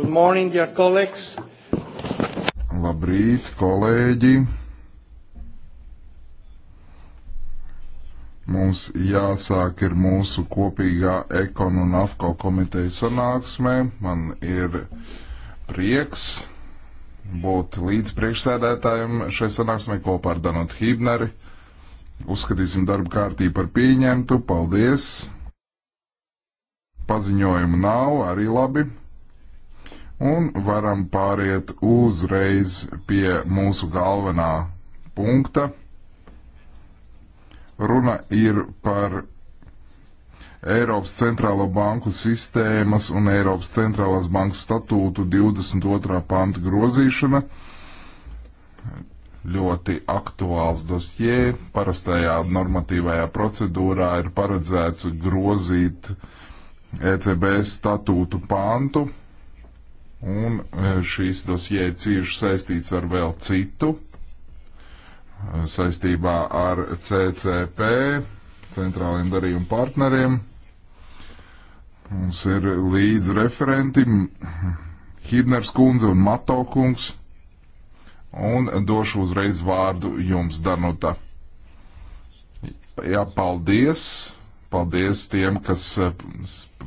Good morning, dear colleagues. Labrīt, kolēģi. Mums jāsāk ir mūsu kopīgā ekon un afko komiteja sanāksmē. Man ir prieks būt līdz priekšsēdētājiem šai sanāksmē kopā ar Danotu Hībneri. Uzskatīsim darba kārtību par pieņemtu. Paldies! Paziņojumu nav, arī labi. Un varam pāriet uzreiz pie mūsu galvenā punkta. Runa ir par Eiropas centrālo banku sistēmas un Eiropas centrālās bankas statūtu 22. panta grozīšana. Ļoti aktuāls dosjē. Parastajā normatīvajā procedūrā ir paredzēts grozīt ECB statūtu pantu, Un e, šīs dosie cieši saistīts ar vēl citu e, saistībā ar CCP, centrāliem darījumu partneriem. Mums ir līdz referenti Hibners kundze un Mato kungs. Un došu uzreiz vārdu jums, Danuta. Jā, paldies! Paldies tiem, kas eh,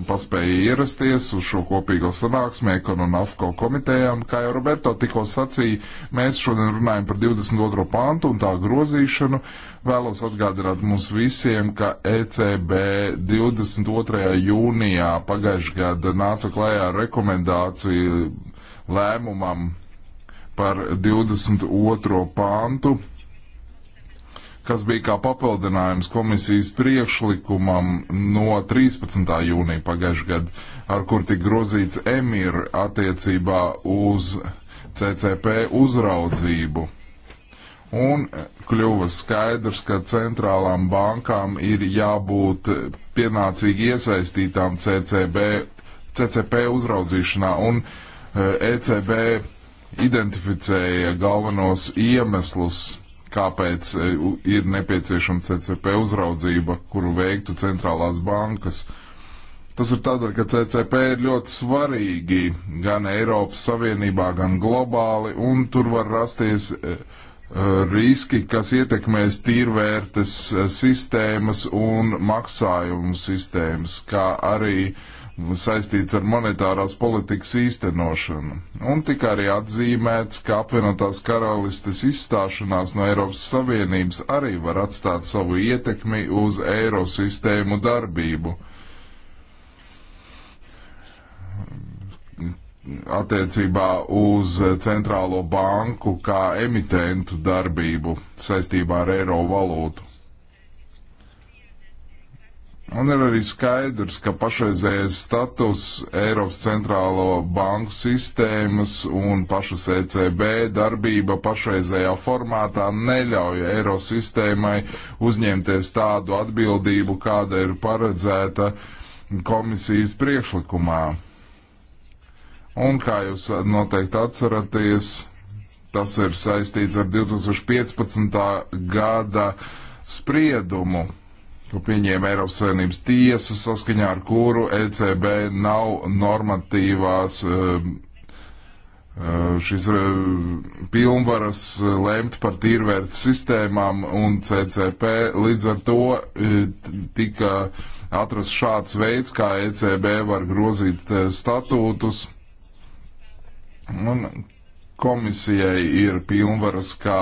paspēja ierasties uz šo kopīgo sanāksmi Ekon un AFCO komitejām. Kā jau Roberto tikko sacīja, mēs šodien runājam par 22. pantu un tā grozīšanu. Vēlos atgādināt mums visiem, ka ECB 22. jūnijā pagājušajā gada nāca klajā rekomendāciju lēmumam par 22. pantu kas bija kā papildinājums komisijas priekšlikumam no 13. jūnija pagājušajā gadā, ar kur tika grozīts emīri attiecībā uz CCP uzraudzību. Un kļuva skaidrs, ka centrālām bankām ir jābūt pienācīgi iesaistītām CCB, CCP uzraudzīšanā, un ECB eh, e identificēja galvenos iemeslus kāpēc e, ir nepieciešama CCP uzraudzība, kuru veiktu centrālās bankas. Tas ir tādēļ, ka CCP ir ļoti svarīgi gan Eiropas Savienībā, gan globāli, un tur var rasties uh, riski, kas ietekmēs tīrvērtes sistēmas un maksājumu sistēmas, kā arī uh, saistīts ar monetārās politikas īstenošanu. Un tika arī atzīmēts, ka apvienotās karalistes izstāšanās no Eiropas Savienības arī var atstāt savu ietekmi uz eirosistēmu darbību. attiecībā uz centrālo banku kā emitentu darbību saistībā ar eiro valūtu. Un ir arī skaidrs, ka pašreizējais status Eiropas centrālo banku sistēmas un pašas ECB darbība pašreizējā formātā neļauj eiro sistēmai uzņemties tādu atbildību, kāda ir paredzēta komisijas priekšlikumā. Un kā jūs noteikti atceraties, tas ir saistīts ar 2015. gada spriedumu ko nu, pieņēma Eiropas Savienības tiesa, saskaņā ar kuru ECB nav normatīvās um, uh, šīs uh, pilnvaras uh, lemt par tīrvērts sistēmām un CCP. Līdz ar to tika atrast šāds veids, kā ECB var grozīt statūtus. Un komisijai ir pilnvaras kā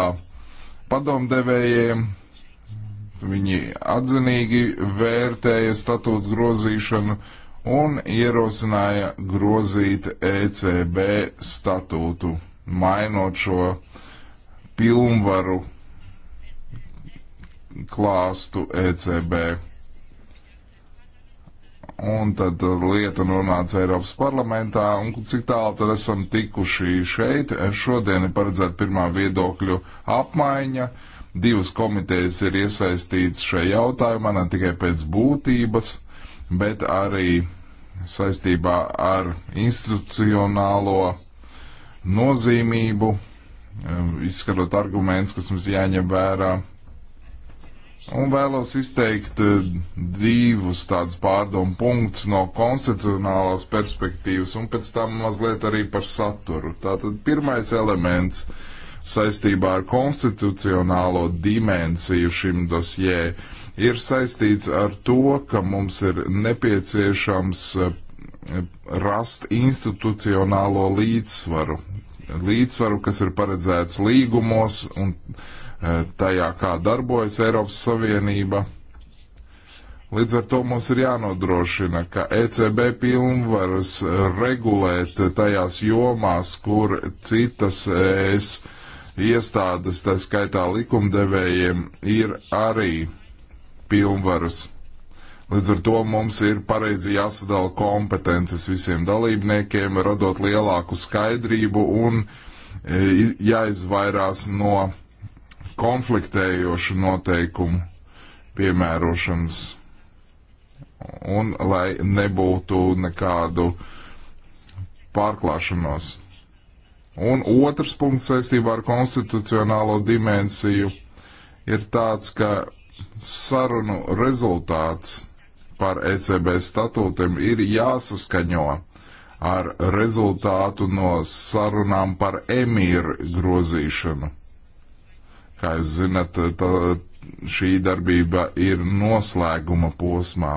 padomdevējiem Viņi atzinīgi vērtēja statūtu grozīšanu un ierosināja grozīt ECB statūtu, mainot šo pilnvaru klāstu ECB. Un tad lieta nonāca Eiropas parlamentā, un cik tālu tad esam tikuši šeit. Šodien ir paredzēta pirmā viedokļu apmaiņa, Divas komitejas ir iesaistītas šajā jautājumā ne tikai pēc būtības, bet arī saistībā ar institucionālo nozīmību, um, izskatot arguments, kas mums jāņem vērā. Un vēlos izteikt uh, divus tādus pārdomu punktus no konstitucionālās perspektīvas un pēc tam mazliet arī par saturu. Tātad pirmais elements uh, saistībā ar konstitucionālo dimensiju šim dosjē ir saistīts ar to, ka mums ir nepieciešams eh, rast institucionālo līdzsvaru. Līdzsvaru, kas ir paredzēts līgumos un eh, tajā, kā darbojas Eiropas Savienība. Līdz ar to mums ir jānodrošina, ka ECB pilnvaras eh, regulēt tajās jomās, kur citas ES iestādes, tā skaitā likumdevējiem, ir arī pilnvaras. Līdz ar to mums ir pareizi jāsadala kompetences visiem dalībniekiem, radot lielāku skaidrību un e, jāizvairās no konfliktējošu noteikumu piemērošanas. Un lai nebūtu nekādu pārklāšanos. Un otrs punkts saistībā ar konstitucionālo dimensiju ir tāds, ka sarunu rezultāts par ECB statūtiem ir jāsaskaņo ar rezultātu no sarunām par emīru grozīšanu. Kā jūs zinat, tā, šī darbība ir noslēguma posmā.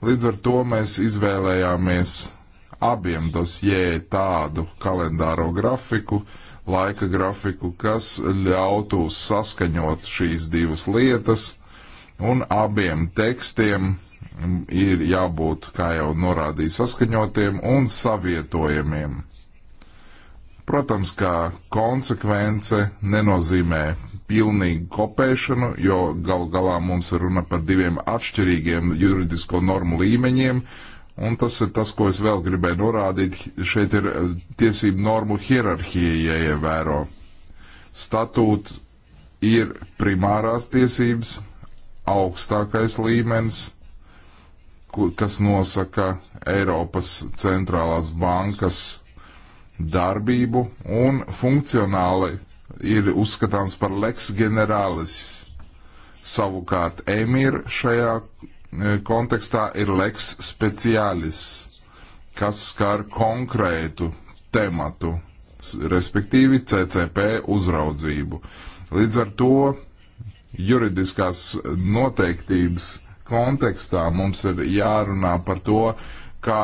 Līdz ar to mēs izvēlējāmies abiem dosjē tādu kalendāro grafiku, laika grafiku, kas ļautu saskaņot šīs divas lietas, un abiem tekstiem ir jābūt, kā jau norādīja, saskaņotiem un savietojamiem. Protams, kā konsekvence nenozīmē pilnīgu kopēšanu, jo gal galā mums ir runa par diviem atšķirīgiem juridisko normu līmeņiem, uh, Un tas ir tas, ko es vēl gribēju norādīt. Šeit ir eh, tiesību normu hierarhija jāievēro. Statūts ir primārās tiesības, augstākais līmenis, kas nosaka Eiropas centrālās bankas darbību un funkcionāli ir uzskatāms par leks generālis. Savukārt emir šajā E, kontekstā ir leks speciālis, kas skar konkrētu tematu, respektīvi CCP uzraudzību. Līdz ar to juridiskās noteiktības kontekstā mums ir jārunā par to, kā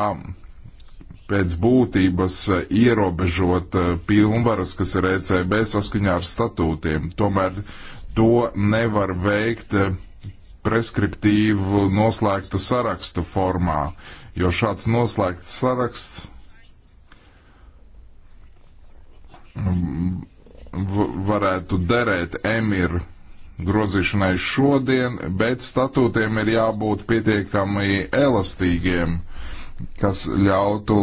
pēc būtības ierobežot e, pilnvaras, kas ir ECB saskaņā ar statūtiem. Tomēr to nevar veikt e, preskriptīvu noslēgta saraksta formā, jo šāds noslēgts saraksts mm, varētu derēt emir grozīšanai šodien, bet statūtiem ir jābūt pietiekami elastīgiem, kas ļautu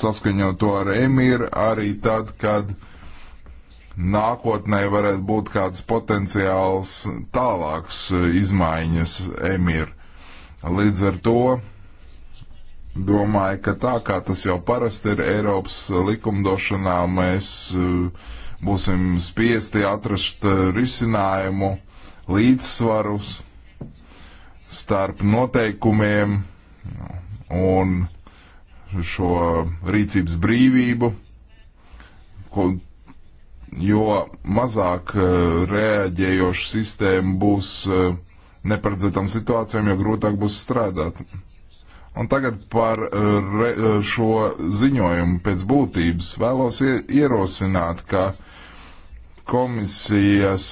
saskaņot to ar emīru arī tad, kad uh, nākotnē varētu būt kāds potenciāls tālāks e, izmaiņas emir. Līdz ar to domāju, ka tā kā tas jau parasti ir Eiropas likumdošanā, mēs e, būsim spiesti atrast e, risinājumu līdzsvarus starp noteikumiem un šo rīcības brīvību, ko jo mazāk eh, reaģējoša sistēma būs eh, neparedzētām situācijām, jo grūtāk būs strādāt. Un tagad par eh, re, šo ziņojumu pēc būtības vēlos ierosināt, ka komisijas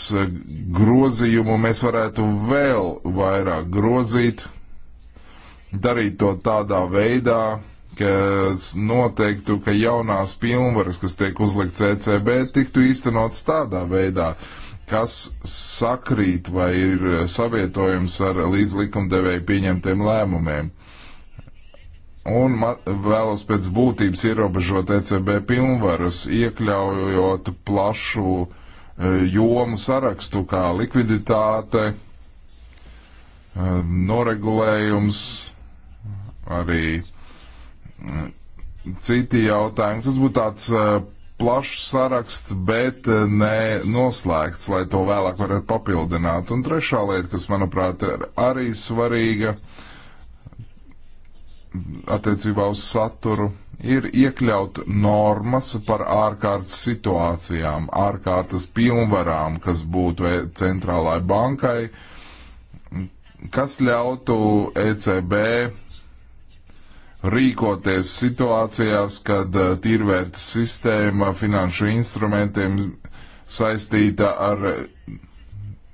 grozījumu mēs varētu vēl vairāk grozīt, darīt to tādā veidā, kas noteiktu, ka jaunās pilnvaras, kas tiek uzlikts ECB, tiktu īstenots tādā veidā, kas sakrīt vai ir savietojums ar līdz likumdevēju pieņemtiem lēmumiem. Un vēlos pēc būtības ierobežot ECB pilnvaras, iekļaujot plašu e, jomu sarakstu, kā likviditāte, e, noregulējums, arī uh, Citi jautājumi. Tas būtu tāds eh, plašs saraksts, bet eh, ne noslēgts, lai to vēlāk varētu papildināt. Un trešā lieta, kas manuprāt ir arī svarīga attiecībā uz saturu, ir iekļaut normas par ārkārtas situācijām, ārkārtas pilnvarām, kas būtu e, centrālai bankai, kas ļautu ECB rīkoties situācijās, kad eh, tīrvērtas sistēma finanšu instrumentiem saistīta ar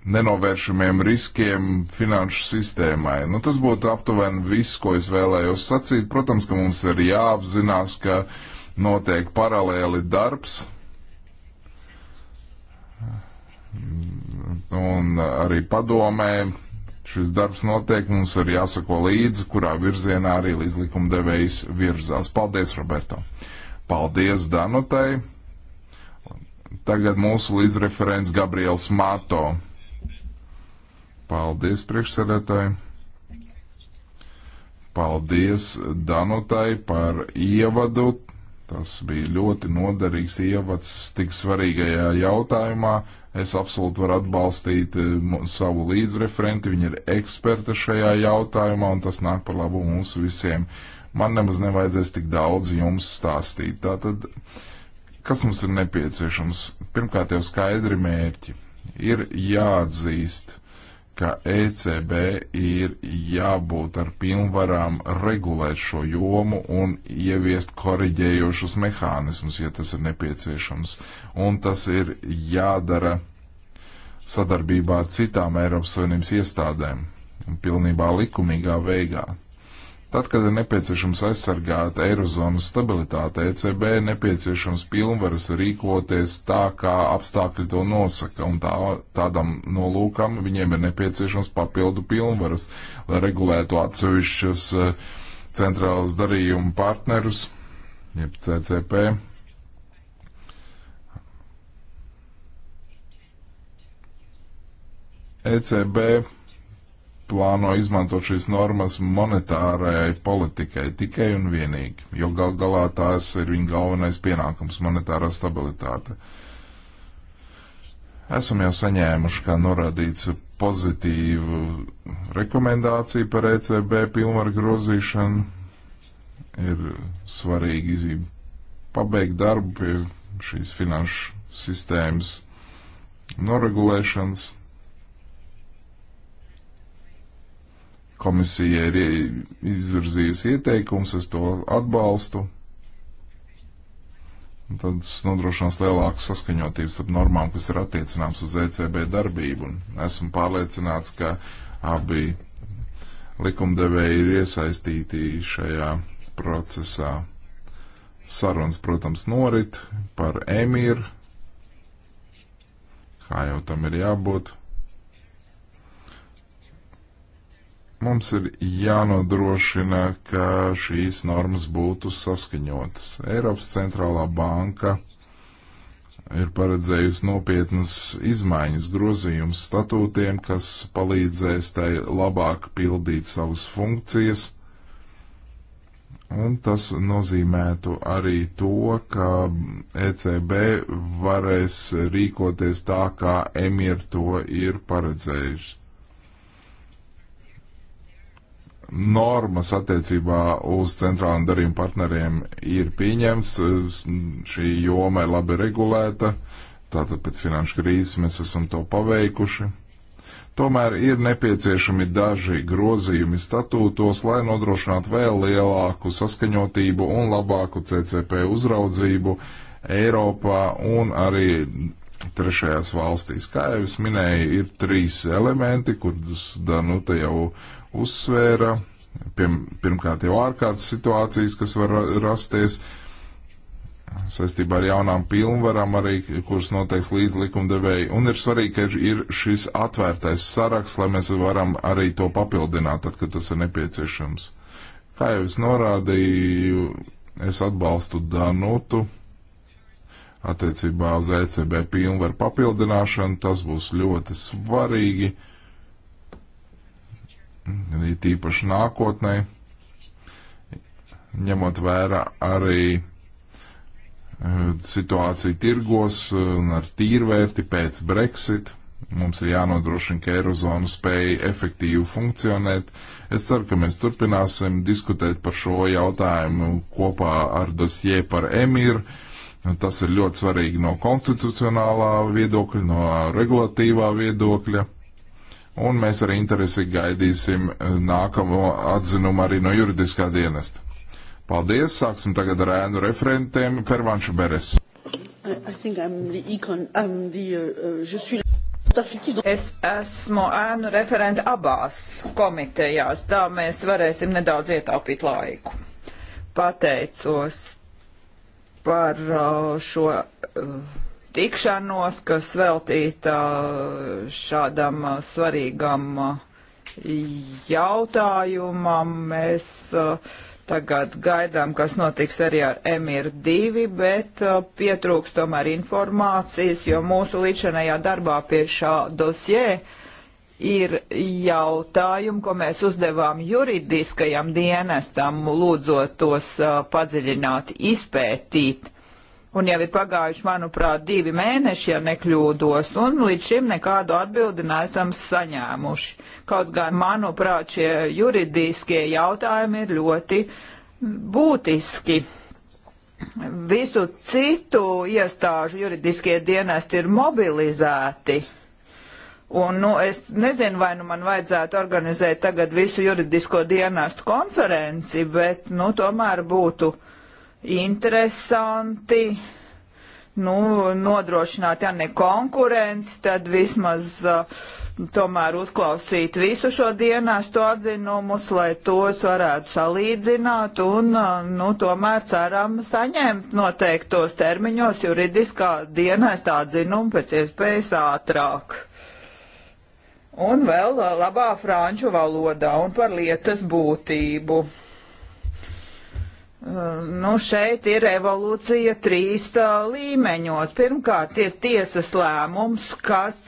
nenovēršamiem riskiem finanšu sistēmai. Nu, tas būtu aptuveni viss, ko es vēlējos sacīt. Protams, ka mums ir jāapzinās, ka notiek paralēli darbs, un arī padomē Šis darbs notiek, mums ir jāsako līdzi, kurā virzienā arī līdzlikuma devējs virzās. Paldies, Roberto! Paldies Danutai! Tagad mūsu līdzreferents Gabriels Mato. Paldies, priekšsēdētāji! Paldies Danutai par ievadu. Tas bija ļoti noderīgs ievads tik svarīgajā jautājumā Es absolūti varu atbalstīt eh, savu līdzreferenti, viņa ir eksperta šajā jautājumā, un tas nāk par labu mums visiem. Man nemaz nevajadzēs tik daudz jums stāstīt. Tātad, kas mums ir nepieciešams? Pirmkārt, jau skaidri mērķi. Ir jāatzīst, ka ECB ir jābūt ar pilnvarām regulēt šo jomu un ieviest koriģējošus mehānismus, ja tas ir nepieciešams. Un tas ir jādara sadarbībā ar citām Eiropas Savienības iestādēm un pilnībā likumīgā veidā. Tad, kad ir nepieciešams aizsargāt Eirozonas stabilitāti, ECB ir nepieciešams pilnvaras rīkoties tā, kā apstākļi to nosaka, un tā, tādam nolūkam viņiem ir nepieciešams papildu pilnvaras, lai regulētu atsevišķus eh, centrālus darījumu partnerus, jeb CCP. ECB plāno izmantot šīs normas monetārai politikai tikai un vienīgi, jo gal galā tās ir viņa galvenais pienākums - monetārā stabilitāte. Esam jau saņēmuši, kā norādīts, pozitīvu rekomendāciju par ECB pilnvaru grozīšanu. Ir svarīgi pabeigt darbu pie šīs finanšu sistēmas noregulēšanas, Komisija ir izvirzījusi ieteikums, es to atbalstu. Un tad tas nodrošinās lielāku saskaņotību starp normām, kas ir attiecināms uz ECB darbību. Un esmu pārliecināts, ka abi likumdevēji ir iesaistīti šajā procesā. Sarunas, protams, norit par emīru, kā jau tam ir jābūt. Mums ir jānodrošina, ka šīs normas būtu saskaņotas. Eiropas centrālā banka ir paredzējusi nopietnas izmaiņas grozījums statūtiem, kas palīdzēs tai labāk pildīt savas funkcijas. Un tas nozīmētu arī to, ka ECB varēs rīkoties tā, kā emir to ir paredzējuši. normas attiecībā uz centrāliem darījuma partneriem ir pieņemts, šī joma ir labi regulēta, tātad pēc finanšu krīzes mēs esam to paveikuši. Tomēr ir nepieciešami daži grozījumi statūtos, lai nodrošinātu vēl lielāku saskaņotību un labāku CCP uzraudzību Eiropā un arī trešajās valstīs. Kā jau es minēju, ir trīs elementi, kurus Danuta jau uzsvēra. Pirmkārt, jau ārkārtas situācijas, kas var rasties saistībā ar jaunām pilnvarām, arī kuras noteiks līdz likumdevēji. Un ir svarīgi, ka ir šis atvērtais saraksts, lai mēs varam arī to papildināt, tad, kad tas ir nepieciešams. Kā jau es norādīju, es atbalstu Danutu. No attiecībā uz ECB pilnvaru papildināšanu. Tas būs ļoti svarīgi, tīpaši nākotnē, ņemot vērā arī e, situāciju tirgos un ar tīrvērti pēc Brexit. Mums ir jānodrošina, ka Eirozona spēja efektīvi funkcionēt. Es ceru, ka mēs turpināsim diskutēt par šo jautājumu kopā ar dosie par Emīru Tas ir ļoti svarīgi no konstitucionālā viedokļa, no regulatīvā viedokļa. Un mēs ar interesi gaidīsim eh, nākamo atzinumu arī no juridiskā dienesta. Paldies! Sāksim tagad ar ēnu referentiem Pervanšu Beres. Uh, uh, es esmu ēnu referenta abās komitejās, tā mēs varēsim nedaudz ietaupīt laiku. Pateicos par uh, šo uh, tikšanos, kas veltīta uh, šādam svarīgam jautājumam. Mēs tagad gaidām, kas notiks arī ar MIR2, bet pietrūks tomēr informācijas, jo mūsu līdšanējā darbā pie šā dosjē ir jautājumi, ko mēs uzdevām juridiskajam dienestam, lūdzot tos uh, padziļināt, izpētīt. Un jau ir pagājuši, manuprāt, divi mēneši, ja nekļūdos, un līdz šim nekādu atbildi neesam saņēmuši. Kaut gan, manuprāt, šie juridiskie jautājumi ir ļoti būtiski. Visu citu iestāžu juridiskie dienesti ir mobilizēti. Uh, Un, nu, es nezinu, vai nu man vajadzētu organizēt tagad visu juridisko dienestu konferenci, bet, nu, tomēr būtu interesanti, nu, nodrošināt, ja ne konkurenci, tad vismaz uh, tomēr uzklausīt visu šo dienestu atzinumus, lai tos varētu salīdzināt un, uh, nu, tomēr ceram saņemt noteiktos termiņos juridiskā dienesta atzinumu pēc iespējas ātrāk un vēl uh, labā franču valodā un par lietas būtību. Uh, nu, šeit ir evolūcija trīs uh, līmeņos. Pirmkārt, ir tiesas lēmums, kas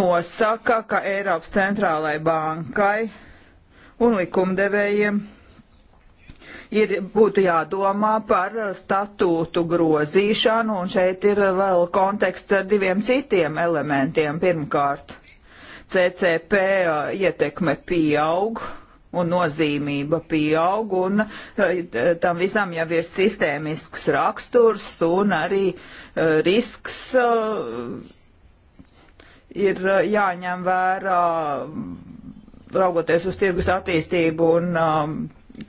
nosaka, ka Eiropas centrālai bankai un likumdevējiem ir, būtu jādomā par statūtu grozīšanu, un šeit ir vēl konteksts ar diviem citiem elementiem. Pirmkārt, CCP uh, ietekme pieaug un nozīmība pieaug, un uh, tam visam jau ir sistēmisks raksturs un arī uh, risks ir jāņem vērā, raugoties uz tirgus attīstību un um,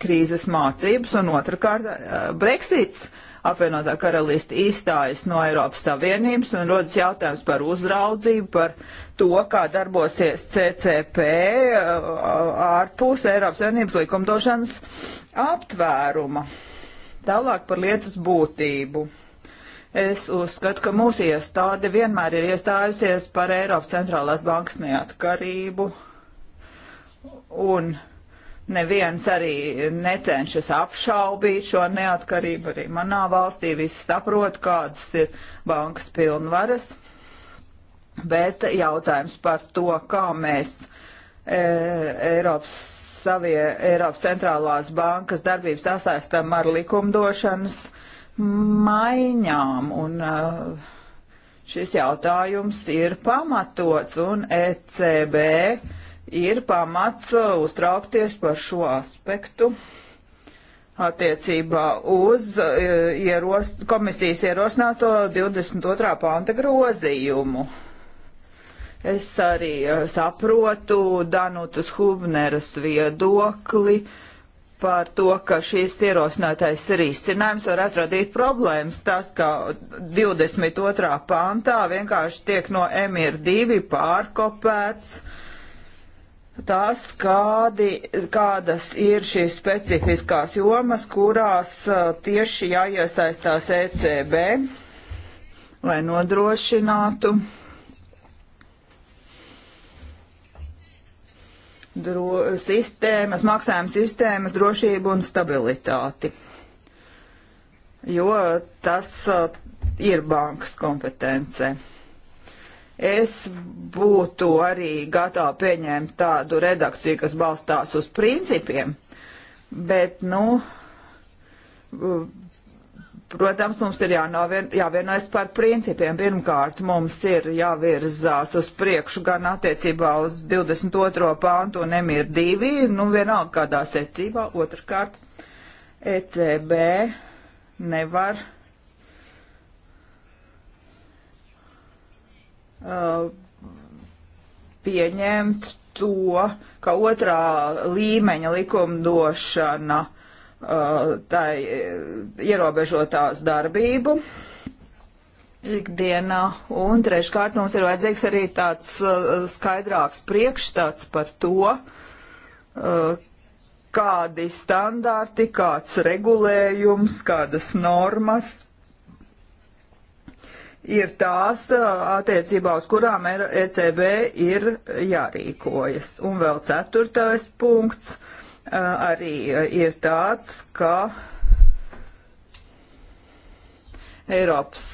krīzes mācības, un otrkārt Brexits apvienotā karalista izstājas no Eiropas Savienības un rodas jautājums par uzraudzību, par to, kā darbosies CCP uh, ārpus Eiropas Savienības likumdošanas aptvēruma. Tālāk par lietas būtību. Es uzskatu, ka mūsu iestāde vienmēr ir iestājusies par Eiropas centrālās bankas neatkarību un Neviens arī necenšas apšaubīt šo neatkarību. Arī manā valstī visi saprot, kādas ir bankas pilnvaras. Bet jautājums par to, kā mēs e, Eiropas, savie, Eiropas centrālās bankas darbības sasaistam ar likumdošanas maiņām. Un, e, šis jautājums ir pamatots un ECB ir pamats uh, uztraukties par šo aspektu attiecībā uz uh, ieros, komisijas ierosināto 22. panta grozījumu. Es arī uh, saprotu Danutas Hubneras viedokli par to, ka šīs ierosinātais risinājums varētu radīt problēmas. Tas, ka 22. pantā vienkārši tiek no MIR2 pārkopēts uh, tas, kādi, kādas ir šīs specifiskās jomas, kurās tieši jāiesaistās ECB, lai nodrošinātu dro, sistēmas, maksājuma sistēmas drošību un stabilitāti. Jo tas ir bankas kompetence. Es būtu arī gatava pieņemt tādu redakciju, kas balstās uz principiem, bet, nu, Protams, mums ir jānovien, jāvienojas par principiem. Pirmkārt, mums ir jāvirzās uz priekšu gan attiecībā uz 22. pāntu un emir divi, nu vienalga kādā secībā. Otrkārt, ECB nevar Uh, pieņemt to, ka otrā līmeņa likumdošana uh, tai uh, ierobežotās darbību ikdienā, un treškārt mums ir vajadzīgs arī tāds skaidrāks priekšstats par to, kādi standarti, kāds regulējums, kādas normas ir tās attiecībā, uz kurām ECB e ir jārīkojas. Un vēl ceturtais punkts arī ir tāds, ka Eiropas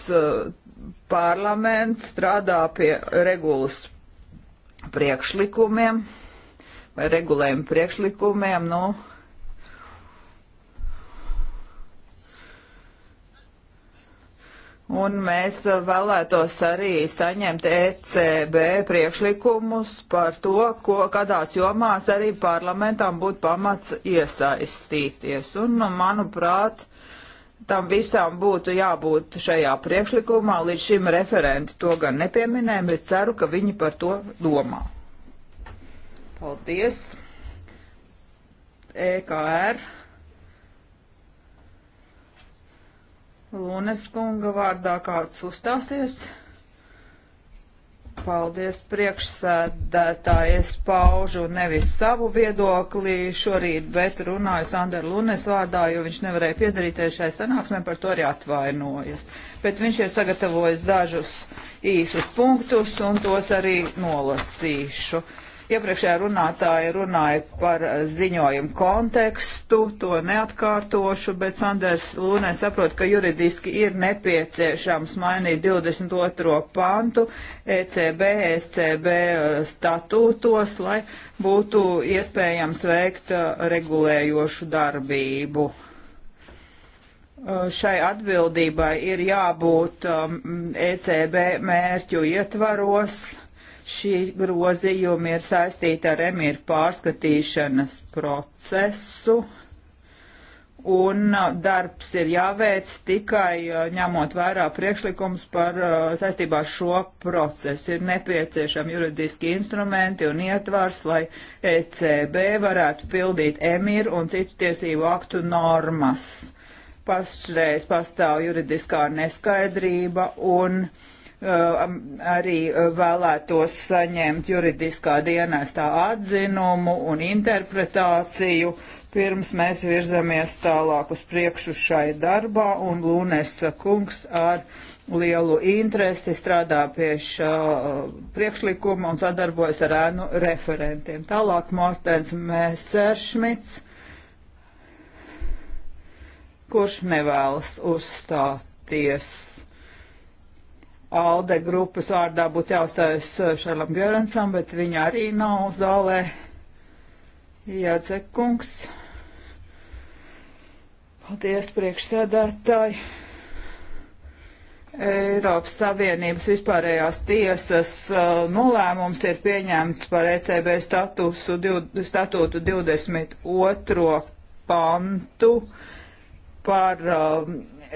parlaments strādā pie regulas priekšlikumiem vai regulējuma priekšlikumiem, nu, Un mēs eh, vēlētos arī saņemt ECB priekšlikumus par to, ko, kādās jomās arī parlamentam būtu pamats iesaistīties. Un, nu, manuprāt, tam visām būtu jābūt šajā priekšlikumā. Līdz šim referenti to gan nepieminēja, bet ceru, ka viņi par to domā. Paldies! EKR Lunes kunga vārdā kāds uzstāsies. Paldies priekšsēdētāji, es paužu nevis savu viedokli šorīt, bet runāju Sanderu Lunes vārdā, jo viņš nevarēja piedarīties šai sanāksmē, par to arī atvainojas. Bet viņš ir sagatavojis dažus īsus punktus un tos arī nolasīšu. Uh, Iepriekšējā runātāja runāja par eh, ziņojumu kontekstu, to neatkārtošu, bet Sanders Lūnē saprot, ka juridiski ir nepieciešams mainīt 22. pantu ECB, SCB eh, statūtos, lai būtu iespējams veikt eh, regulējošu darbību šai atbildībai ir jābūt um, ECB mērķu ietvaros. Šī grozījumi ir saistīti ar emīru pārskatīšanas procesu, un uh, darbs ir jāveic tikai uh, ņemot vērā priekšlikums par uh, saistībā ar šo procesu. Ir nepieciešami juridiski instrumenti un ietvars, lai ECB varētu pildīt emīru un citu tiesību aktu normas. Pašreiz pastāv juridiskā neskaidrība un uh, Eh, arī eh, vēlētos saņemt juridiskā dienestā atzinumu un interpretāciju, pirms mēs virzamies tālāk uz priekšu šai darbā, un Lūnesa kungs ar lielu interesi strādā pie šā eh, priekšlikuma un sadarbojas ar ēnu referentiem. Tālāk Mortens Mēsēršmits, kurš nevēlas uzstāties. Alde grupas vārdā būtu jāuzstājas uh, Šarlam Gerensam, bet viņa arī nav zālē. Jādzekungs. Paldies, priekšsēdētāji. Eiropas Savienības vispārējās tiesas uh, nolēmums ir pieņemts par ECB statusu, div, statūtu 22. pantu par uh,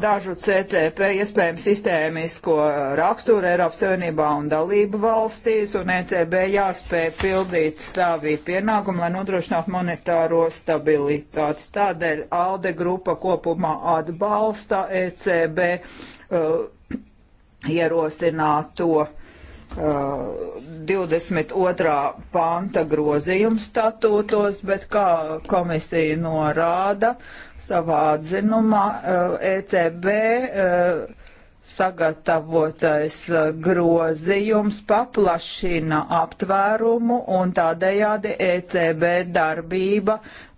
dažu CCP iespējams sistēmisko raksturu Eiropas Savienībā un dalību valstīs, un ECB jāspēj pildīt savi pienākumi, lai nodrošinātu monetāro stabilitāti. Tādēļ ALDE grupa kopumā atbalsta ECB uh, ierosināto uh, 22. panta grozījums statūtos, bet kā komisija norāda savā atzinumā, ECB eh, e eh, sagatavotais uh, grozījums paplašina aptvērumu un tādējādi ECB darbība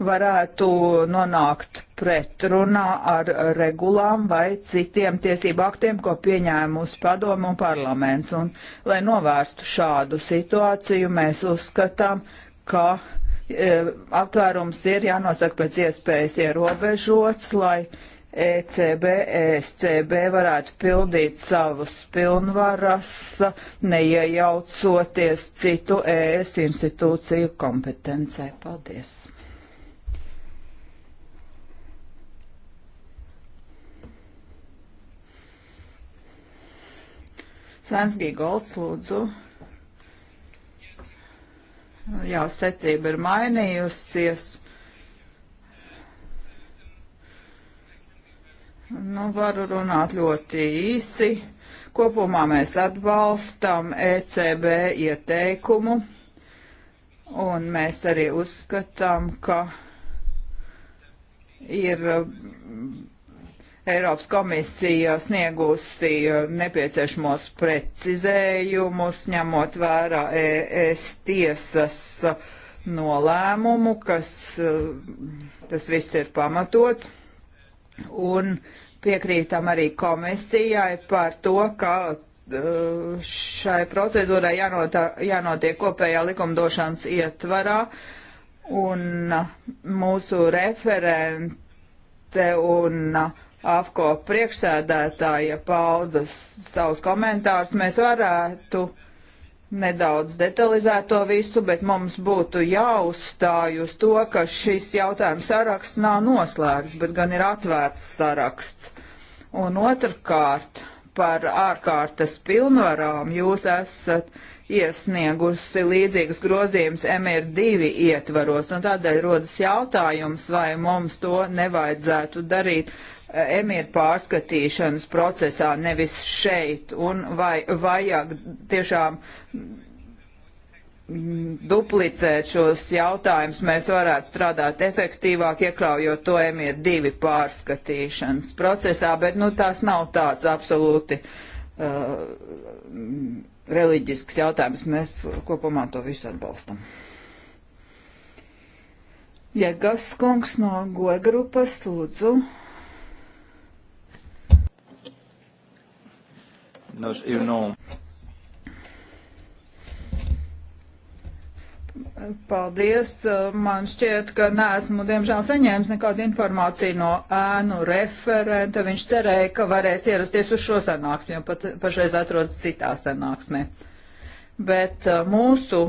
varētu nonākt pretrunā ar regulām vai citiem tiesību aktiem, ko pieņēmusi padomu un parlaments. Un, lai novērstu šādu situāciju, mēs uzskatām, ka e, aptvērums ir jānosaka pēc iespējas ierobežots, lai ECB, ESCB varētu pildīt savus pilnvaras, neiejaucoties citu ES institūciju kompetencē. Paldies! Sēns Gigolds, lūdzu. Jā, secība ir mainījusies. Nu, varu runāt ļoti īsi. Kopumā mēs atbalstam ECB ieteikumu, un mēs arī uzskatām, ka ir mm, Eiropas komisija sniegusi nepieciešamos precizējumus, ņemot vērā ES tiesas nolēmumu, kas mm, tas viss ir pamatots Un piekrītam arī komisijai par to, ka uh, šai procedūrai jānotā, jānotiek kopējā likumdošanas ietvarā, un mūsu referente un AFCO priekšsēdētāja pauda savus komentārus. Mēs varētu uh, nedaudz detalizēt to visu, bet mums būtu jāuzstāj uz to, ka šis jautājums saraksts nav noslēgts, bet gan ir atvērts saraksts. Un otrkārt, par ārkārtas pilnvarām jūs esat iesniegusi līdzīgas grozījumas MR2 ietvaros, un tādēļ rodas jautājums, vai mums to nevajadzētu darīt emīra pārskatīšanas procesā, nevis šeit, un vai vajag tiešām duplicēt šos jautājumus, mēs varētu strādāt efektīvāk, iekļaujot to emīra divi pārskatīšanas procesā, bet nu tās nav tāds absolūti uh, reliģisks jautājums. Mēs kopumā to visu atbalstam. Jegas kungs no goja grupas, lūdzu. nós, eu não. Paldies. Man šķiet, ka neesmu, diemžēl, saņēmis nekādu informāciju no ēnu referenta. Viņš cerēja, ka varēs ierasties uz šo sanāksmi, jo pat pašreiz atrodas citā sanāksmē. Bet eh, mūsu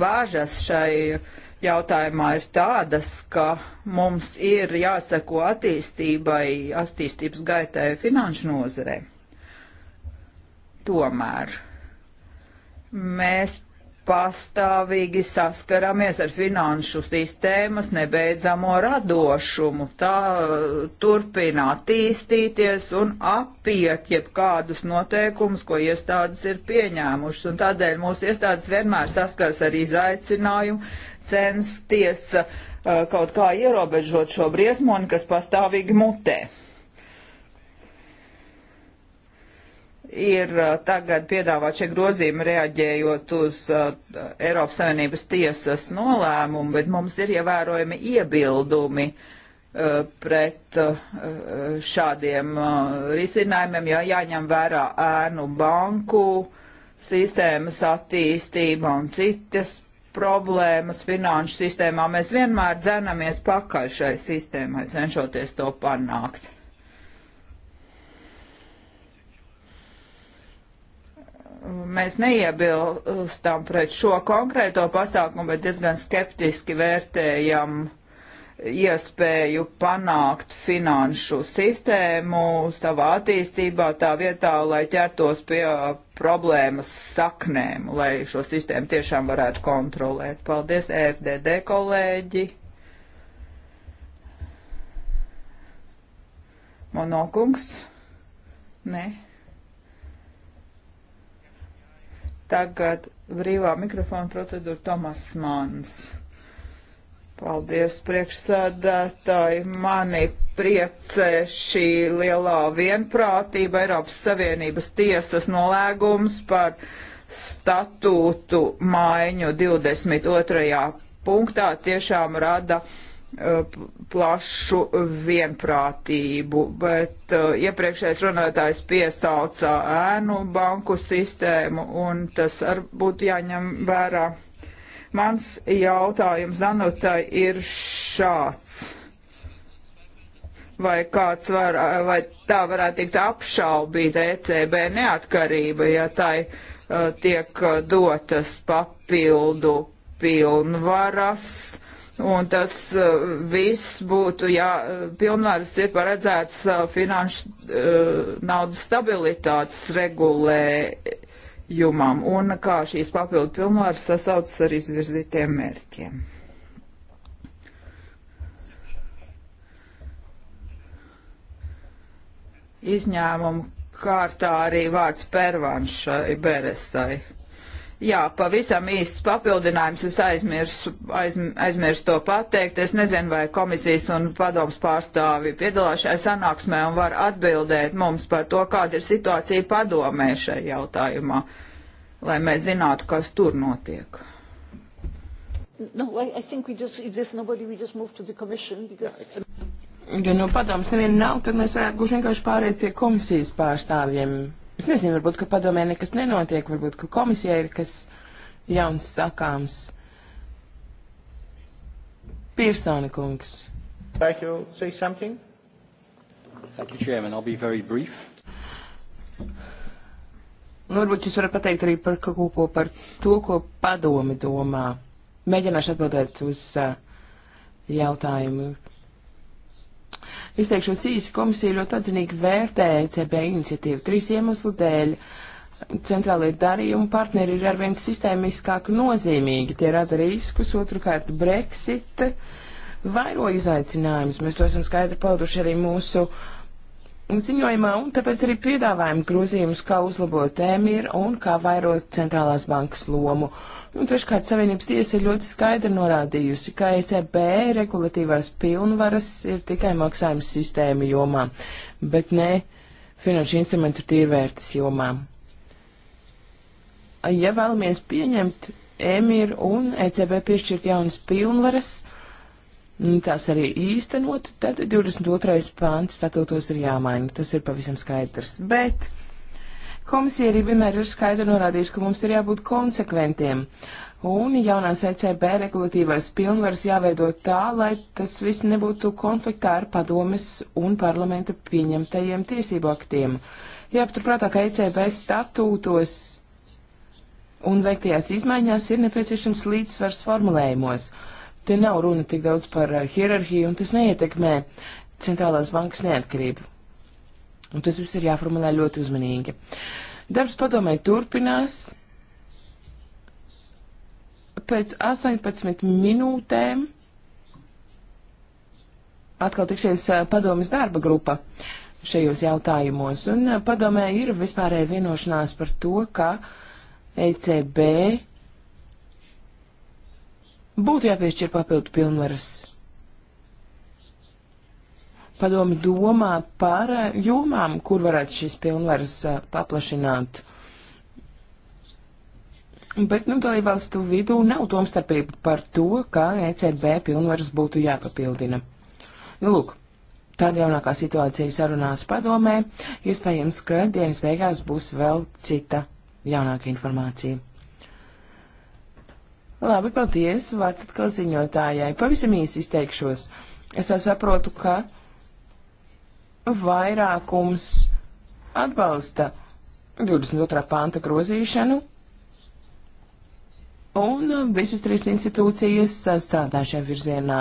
bāžas šai jautājumā ir tādas, ka mums ir jāseko attīstībai, attīstības gaitai finanšu nozarei. Tomēr mēs pastāvīgi saskaramies ar finanšu sistēmas nebeidzamo radošumu. Tā uh, turpina attīstīties un apiet jebkādus noteikumus, ko iestādes ir pieņēmušas. Un tādēļ mūsu iestādes vienmēr saskars ar izaicinājumu censties uh, kaut kā ierobežot šo briesmoni, kas pastāvīgi mutē. ir uh, tagad piedāvāt šie grozījumi reaģējot uz uh, Eiropas Savienības tiesas nolēmumu, bet mums ir ievērojami iebildumi uh, pret uh, šādiem uh, risinājumiem, jo jāņem vērā ēnu banku sistēmas attīstība un citas problēmas finanšu sistēmā. Mēs vienmēr dzenamies pakaļ šai sistēmai, cenšoties to panākt. mēs neiebilstam pret šo konkrēto pasākumu, bet diezgan skeptiski vērtējam iespēju panākt finanšu sistēmu savā attīstībā tā vietā, lai ķertos pie uh, problēmas saknēm, lai šo sistēmu tiešām varētu kontrolēt. Paldies, EFDD kolēģi! Monokungs? Nē. Tagad brīvā mikrofona procedūra Tomas Mans. Paldies, priekšsēdētāji. Mani priecē šī lielā vienprātība Eiropas Savienības tiesas nolēgums par statūtu maiņu 22. punktā tiešām rada Eh, plašu vienprātību, bet uh, iepriekšējais runātājs piesauca ēnu banku sistēmu, un tas arī būtu jāņem vērā. Mans jautājums Danutai ir šāds. Vai kāds var, eh, vai tā varētu tikt apšaubīt ECB neatkarība, ja tai uh, tiek dotas papildu pilnvaras? Un tas uh, viss būtu, ja uh, pilnvaras ir paredzēts uh, finanšu naudas stabilitātes regulējumam un kā šīs papildu pilnvaras sasaucas ar izvirzītiem mērķiem. Izņēmumu kārtā arī vārds pervanšai beresai. Jā, pavisam īsts papildinājums. Es aizmirsu, aiz, aizmirsu to pateikt. Es nezinu, vai komisijas un padoms pārstāvi piedalās šajā sanāksmē un var atbildēt mums par to, kāda ir situācija padomē šajā jautājumā, lai mēs zinātu, kas tur notiek. No, I, I think we just, if there's nobody, we just move to the commission because... Ja no nu padoms neviena nav, tad mēs varētu gluži vienkārši pāriet pie komisijas pārstāvjiem. Es nezinu, varbūt, ka padomē nekas nenotiek, varbūt, ka komisijai ir kas jauns sakāms. Pīrsāna kungs. Like you say something? Thank you, Chairman. I'll be very brief. Nu, varbūt jūs varat pateikt arī par kaut ko par to, ko padomi domā. Mēģināšu atbildēt uz uh, jautājumu Izteikšos īsi, komisija ļoti atzinīgi vērtēja ECB iniciatīvu trīs iemeslu dēļ. Centrālajie darījumi partneri ir arvien sistēmiskāk nozīmīgi. Tie rada riskus, otrkārt Brexit vairo izaicinājumus. Mēs to esam skaidri pauduši arī mūsu uh, ziņojumā, un tāpēc arī piedāvājam grozījumus, kā uzlabot emīru un kā vairot centrālās bankas lomu. Un nu, treškārt, Savienības tiesa ir ļoti skaidri norādījusi, ka ECB regulatīvās pilnvaras ir tikai maksājuma sistēma jomā, bet ne finanšu instrumentu tīrvērtas jomā. Ja vēlamies pieņemt emīru un ECB piešķirt jaunas pilnvaras, Mm, tās arī īstenot, tad 22. pāns statūtos ir jāmaina. Tas ir pavisam skaidrs. Bet komisija arī vienmēr ir skaidri norādījusi, ka mums ir jābūt konsekventiem. Un jaunās ECB regulatīvais pilnvars jāveido tā, lai tas viss nebūtu konfliktā ar padomes un parlamenta pieņemtajiem tiesību aktiem. Jāpaturprātā, ka ECB statūtos un veiktajās izmaiņās ir nepieciešams līdzsvars formulējumos. Uh, Te nav runa tik daudz par uh, hierarhiju, un tas neietekmē centrālās bankas neatkarību. Un tas viss ir jāformulē ļoti uzmanīgi. Darbs padomē turpinās. Pēc 18 minūtēm atkal tiksies eh, padomas darba grupa šajos jautājumos. Un eh, padomē ir vispārēja vienošanās par to, ka ECB būtu jāpiešķir papildu pilnvaras. Padomi domā par eh, jomām, kur varētu šīs pilnvaras eh, paplašināt. Bet, nu, dalībvalstu vidū nav domstarpība par to, kā ECB pilnvaras būtu jāpapildina. Nu, lūk, tāda jaunākā situācija sarunās padomē, iespējams, ka dienas beigās būs vēl cita jaunāka informācija. Labi, paldies. Vārds atkal ziņotājai. Pavisam īsi izteikšos. Es tā saprotu, ka vairākums atbalsta 22. panta grozīšanu, un visas trīs institūcijas strādā šajā virzienā.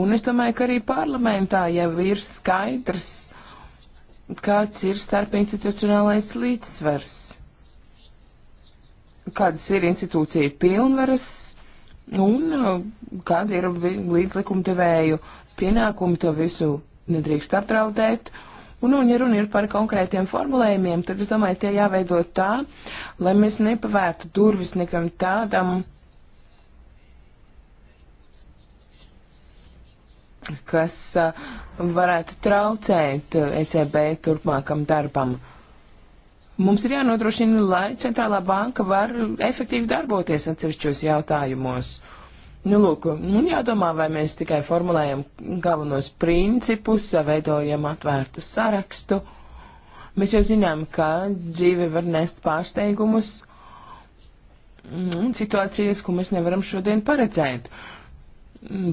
Un es domāju, ka arī parlamentā jau ir skaidrs, kāds ir starpinstitucionālais līdzsvers kādas ir institūcija pilnvaras un uh, kāda ir līdzlikumdevēju pienākumi to visu nedrīkst apdraudēt. Un, un, ja runa ir par konkrētiem formulējumiem, tad es domāju, tie jāveido tā, lai mēs nepavērtu durvis nekam tādam, kas uh, varētu traucēt uh, ECB turpmākam darbam. Uh, Mums ir jānodrošina, lai centrālā banka var efektīvi darboties atsevišķos jautājumos. Nu, lūk, nu, jādomā, vai mēs tikai formulējam galvenos principus, veidojam atvērtu sarakstu. Mēs jau zinām, ka dzīve var nest pārsteigumus nu, un situācijas, ko mēs nevaram šodien paredzēt.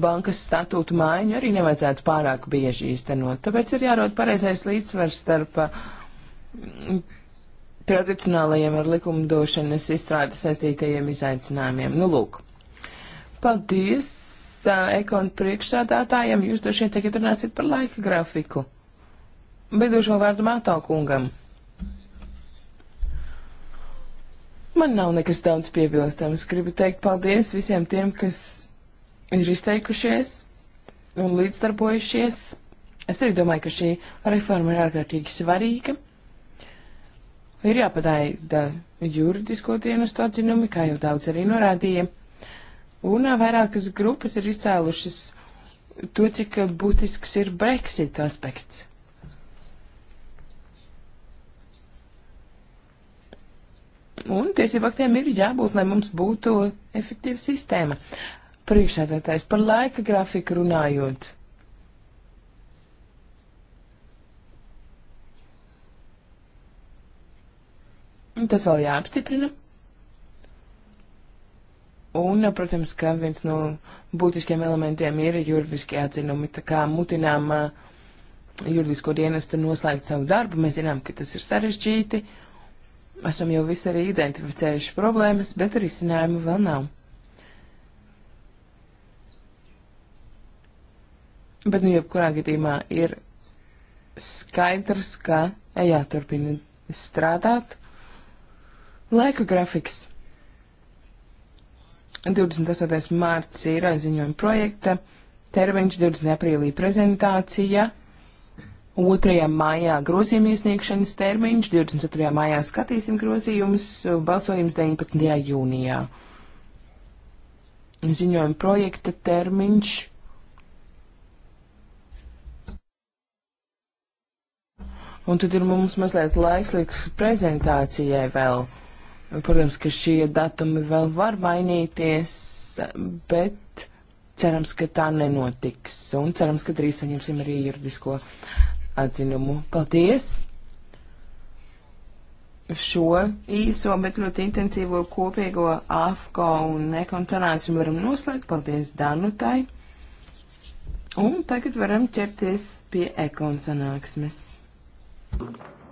Bankas statūtu mājiņu arī nevajadzētu pārāk bieži īstenot, tāpēc ir jārod pareizais līdzsvars starp tradicionālajiem ar likumdošanas izstrādes saistītajiem izaicinājumiem. Nu, lūk. Paldies uh, ekonu priekšsādātājiem. Jūs droši vien tagad runāsiet par laika grafiku. Bedošo vārdu Mātā kungam. Man nav nekas daudz piebilstams. Gribu teikt paldies visiem tiem, kas ir izteikušies un līdzdarbojušies. Es arī domāju, ka šī reforma ir ārkārtīgi svarīga ir jāpadaida juridisko dienestu atzinumi, kā jau daudz arī norādīja. Un vairākas grupas ir izcēlušas to, cik būtisks ir Brexit aspekts. Un tiesību aktiem ir jābūt, lai mums būtu efektīva sistēma. Priekšādātājs par laika grafiku runājot. Tas vēl jāapstiprina. Un, protams, ka viens no būtiskiem elementiem ir juridiskie atzinumi. Tā kā mutinām juridisko dienestu noslēgt savu darbu, mēs zinām, ka tas ir sarežģīti. Esam jau visi arī identificējuši problēmas, bet risinājumu vēl nav. Bet, nu, jebkurā gadījumā ir skaidrs, ka jāturpina strādāt Laika grafiks. 28. mārts ir ziņojuma projekta, termiņš 20. aprīlī prezentācija, 2. maijā grozījuma iesniegšanas termiņš, 24. maijā skatīsim grozījumus, balsojums 19. jūnijā. Ziņojuma projekta termiņš. Un tad ir mums mazliet laiks liekas prezentācijai vēl. Protams, ka šie datumi vēl var mainīties, bet cerams, ka tā nenotiks. Un cerams, ka drīz saņemsim arī juridisko atzinumu. Paldies! Šo īso, bet ļoti intensīvo kopīgo AFCO un nekontonāciju varam noslēgt. Paldies Danutai! Un tagad varam ķerties pie ekonsanāksmes. Thank you.